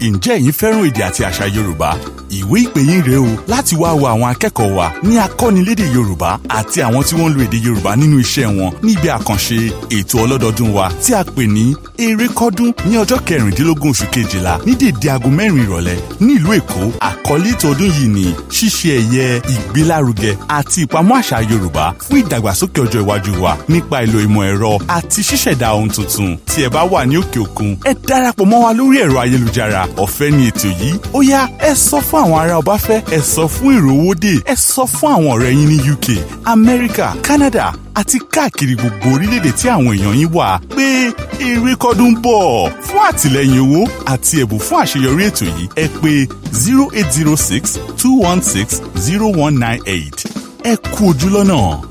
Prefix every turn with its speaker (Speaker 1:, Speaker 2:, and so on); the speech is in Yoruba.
Speaker 1: ǹjẹ́ ẹ̀yin fẹ́ràn èdè àti àṣà yorùbá ìwé ìpè yín rèé o láti wá wo àwọn akẹ́kọ̀ọ́ wa ní akọ́nilédè yorùbá àti àwọn tí wọ́n ń lo èdè yorùbá nínú iṣẹ́ wọn níbi àkànṣe ètò ọlọ́dọọdún wa tí a pè ní erékọ́dún ní ọjọ́ kẹrìndínlógún oṣù kejìlá ní dèdè aago mẹ́rin ìrọ̀lẹ́ nílùú èkó àkọlé ètò ọdún yìí ni ṣíṣe ẹ̀yẹ ìgbélárugẹ àti ìpamọ́ àṣà yorùbá fún ìdàgbàsókè ọjọ́ iwájú wa nípa ìlò ìmọ̀ ẹ̀rọ àti ṣíṣẹ̀dá ohun tuntun tí ẹ bá wà ní òkè òkun ẹ darapọ̀ mọ́ wa lórí ẹ̀rọ ayélujára ọ̀fẹ́ ni ètò yìí ó yá ẹ sọ fún àwọn ará ọbáfẹ́ ẹ sọ fún ìrówódé ẹ sọ fún àwọn ọ̀rẹ́ yín ní UK Amẹ́ríkà Canada àti káàkiri gbogbo orílẹ̀-èdè tí àwọn èèyàn yín wà pé eré kọ́dún ń bọ̀ fún àtìlẹ́yìn owó àti ẹ̀bùn fún àṣeyọrí ètò yìí ẹ pè zero eight zero six two one six zero one nine eight ẹ kú ojú lọ́nà.